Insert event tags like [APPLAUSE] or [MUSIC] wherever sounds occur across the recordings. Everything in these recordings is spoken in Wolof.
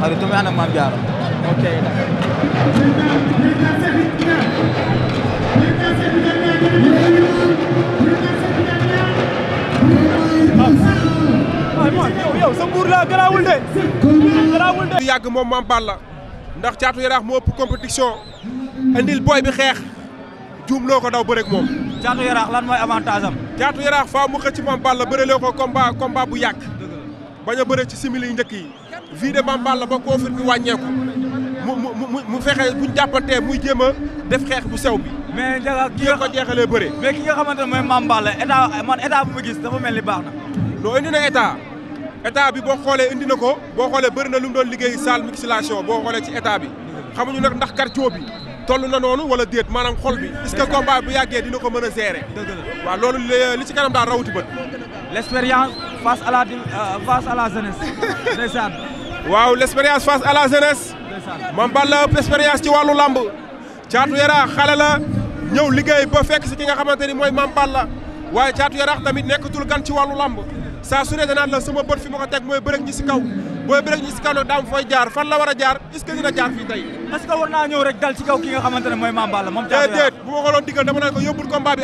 Xarit Toumé ànd ak Mame Diarra. ok ah, yow yow sa nguur laa garaawul de. garaawul de. yàgg moom Mame Balla ndax caatu yaraax moo ëpp compétition andil booy bi xeex juum loo ko daw bëreeg moom. caatu yaraax lan mooy avantage am. caatu yaraax faaw mu xëcc Mame Balla bëreloo ko combat combat bu yàgg. bañ a bëre ci simili njëkk yi. vie de Bamballa ba conflit bi wàññeeku mu mu mu fexe bu ñu jàppantee muy jéem a def xeex bu sew bi. mais Ndiaga ki nga ko jeexalee bëre. mais ki nga xamante ne mooy Bamballa état man état bu ma gis dafa mel ni baax na. non indi na état bi boo xoolee indi na ko boo xoolee bëri na lu mu doon liggéey salle musculation boo xoolee ci état bi xamuñu nag ndax cardio bi. toll na noonu wala déet maanaam xol bi est-ce que bu yàggee dina ko mën a gérer. dëgg loolu li ci kanam daal rawati bët. l'expérience face à la euh, face à la [LAUGHS] waaw l' expérience face à la jeunesse Mame Balla expérience ci wàllu lamb Caatu Yaraax xale la liggéey ba fekk si ki nga xamante ni mooy Mame Balla waaye Caatu Yaraax tamit nekkatul gan ci wàllu lamb saa su la sama bët fi ma ko teg mooy bërëg ñi si kaw booy bërëg ñi si kaw nag daam fooy jaar fan la war a jaar est-ce que jaar fii tey est-ce que naa ñëw rek dal ci kaw ki xamante ne mooy Mame Balla moom déedéet bu ma ko doon diggal dama naan ko yóbbul combat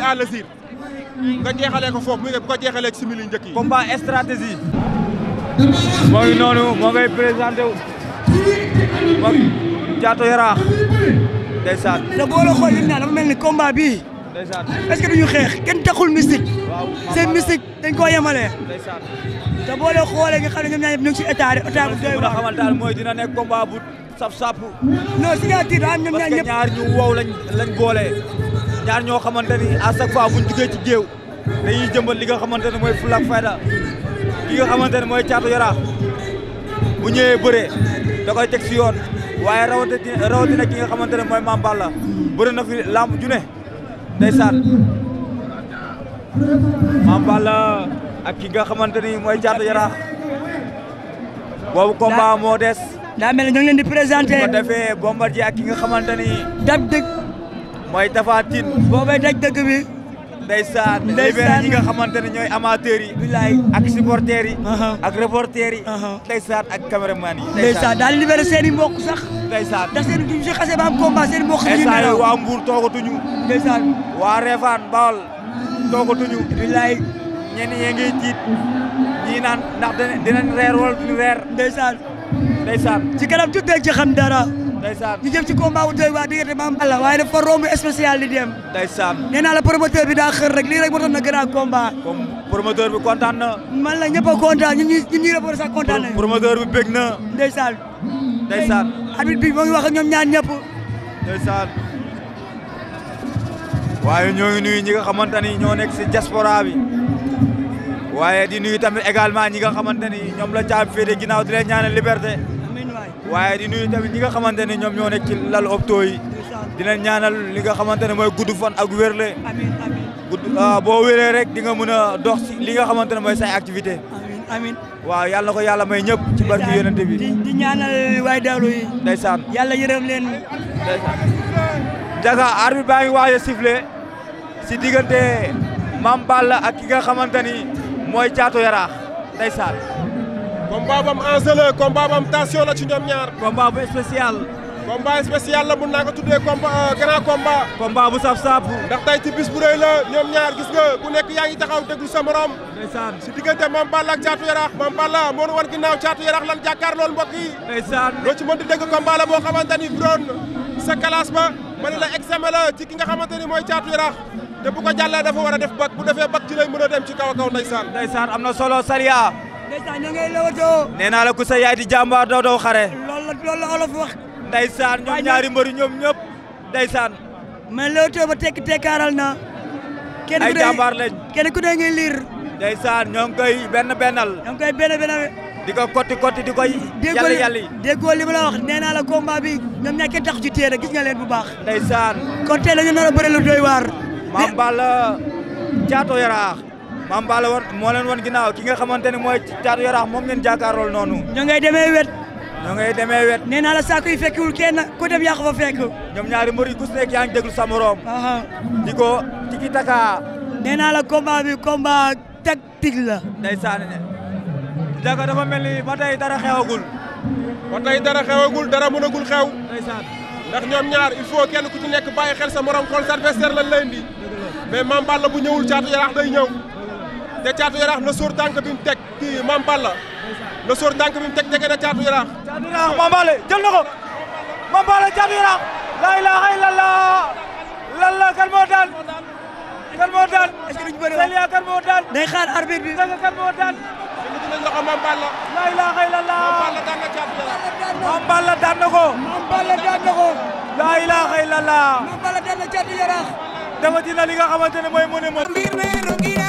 moo noonu moo ngay présenté wu moom Thiatou Yarakh ndeysaan te boo la xool lim naa dafa mel ni combat bii ndeysaan est-ce xeex kenn taxul mystique seen mystique dañ koo yemalee ndeysaan te boo la nga xam ne ñoom ñaar ñëpp ñu ngi ci état état bu doy mooy dina nekk combat bu saf sap non signature am ñoom ñaar ñëpp parce ñaar ñu wow lañ lañ ñaar ñoo xamante ni à chaque fois buñ ci géew dañuy jëmbat li nga xamante ne mooy fulla fayda ki nga xamante ne mooy caatu yaraax bu ñëwee bëree da koy teg si yoon waaye rawatina rawatina ki nga xamante ne mooy Mame Balla bëri na fi lamb ju ne ndeysaan Mame Balla ak nga xamante ni mooy caatu yaraax boobu combat moo des. daa mel ni ñu ngi leen di présenté bu ko defee Bombardier ak mooy Tapha Tine. boobay daj dëgg bi. ndeysaan libéré ñi nga xamante ne ñooy amateurs yi bilaay ak supporters yi ak reporters yi ndeysaan ak caméraman yi ndeysaan daal libéré seen i mbokk sax ndeysaan ndax seen duñ si xasee ba am combat seen mbokk yi ndeysaan waa Mbour toogatuñu ndeysaan waa Réfane Bawol toogatuñu bilaay ñenn ñee ngi tiit ñii naan ndax dinañ reer wala duñu reer ndeysaan ndeysaan ci kanam tuddee ci xam dara ndeysaan ñu jëm ci combat wu doy waa diggante maam Balla waaye dafa romb spécial di dem ndeysaan nee naa la promoteur bi daa xër rek lii rek moo tax na grand combat comme promoteur bi kontaan na man la ñëpp a kontaan ñun ñuy ñun ñuy rapport sax kontaan na promoteur bi bég na ndeysaan ndeysaan arbitre bi moo ngi wax ak ñoom ñaar ñëpp ndeysaan waaye ñoo ngi nuyu ñi nga xamante ni ñoo nekk si diaspora bi waaye di nuyu tamit également ñi nga xamante ni ñoom la caab féete ginnaaw di leen ñaanal liberté waaye di nuyu tamit ñi nga xamante ne ñoom ñoo nekk ci lal opito yi dina ñaanal li nga xamante ne mooy gudd fan ak wérle gudd ah, boo wéree rek di nga mën a dox li nga xamante ne mooy say activité amin waaw yàlla na ko yàlla may ñëpp ci barki yonente bi di ñaanal waay daalu yi ndeysaan yàlla yërëm leen ndeysaan jaga arbitre baa ngi waaj a sifflé si diggante Mame ak ki nga xamante ni mooy Thiatou Yarakh ndeysaan combat bam enjeu la combat bam tension la ci ñoom ñaar. combat bu spécial. combat spécial la mun naa ko tuddee combat euh, grand combat. combat bu saf saabu. ndax tey ci bu la ñoom ñaar gis nga ku nekk yaa ngi taxaw déglu sa morom. ndeysaan si diggante Mame Balla ak Thiatou Yarakh. Mame Balla moo wan ginnaaw Thiatou Yarakh lan jàkkaar lool mbokk yi. ndeysaan ci mën di dégg combat la boo xamante ni bu sa classe ba. ma ne la examen la ci ki nga xamante ni mooy Thiatou Yarakh. te bu ko jàllee dafa war a def bac bu defee bac ci lay a dem ci kaw am na solo Sariya. ndeysaan ña naa la ku sa yaay di jàmbaar doo daw xare loolu loolu la olof wax ndeysaan ñoom ñaari mbëri ñoom ñëpp ndeysaan mais ba tekki tekkaaral na kenn ay jàmbaar lañ kenn ku ne ngay liir ndeysaan ñoo koy benn bennal ñoo koy benn di ko kotti kotti di koy yàlla yàlla déggoo li ma la wax nee naa la combat bi ñoom ñaa kenn taxu ci gis nga leen bu baax ndeysaan kon tey la a bëri lu doy waar Mame Mame Balla woon moo leen woon ginnaaw ki nga xamante ne mooy Caatu Yaraax moom ngeen jàkkaarlool noonu. ñoo ngay demee wet. ñoo ngay demee wet. nee naa la saako yi fekkiwul kenn ku dem yaa ko fa fekk. ñoom ñaari mbër yi ku si nekk yaa ngi déglu sa ko tiki taka. nee naa la combat bi combat tactique la. ndeysaan ne jaka dafa mel ni ba tey dara xewagul. ba tey dara xewagul dara mënagul xew. ndeysaan ndax ñoom ñaar il faut kenn ku ci nekk bàyyi xel sa morom xool sa adversaire lan lay indi. ñëwul Caatu Yaraax te caatu yaraax na sóor tànk bi mu teg kii Mame Balla na sóor tànk bi mu teg tege na caatu yaraax. caatu yaraax Balla jël na ko Balla caatu yaraax. laa ilaaha illallah lan la kan moo daan kan moo daan. est bi. na caatu yaraax. Mame Balla daan na ko. Mame Balla daan na ko. laa ilaaha illallah. Mame Balla daan na caatu yaraax. dafa dina li nga xamante ne mooy mu ne ma.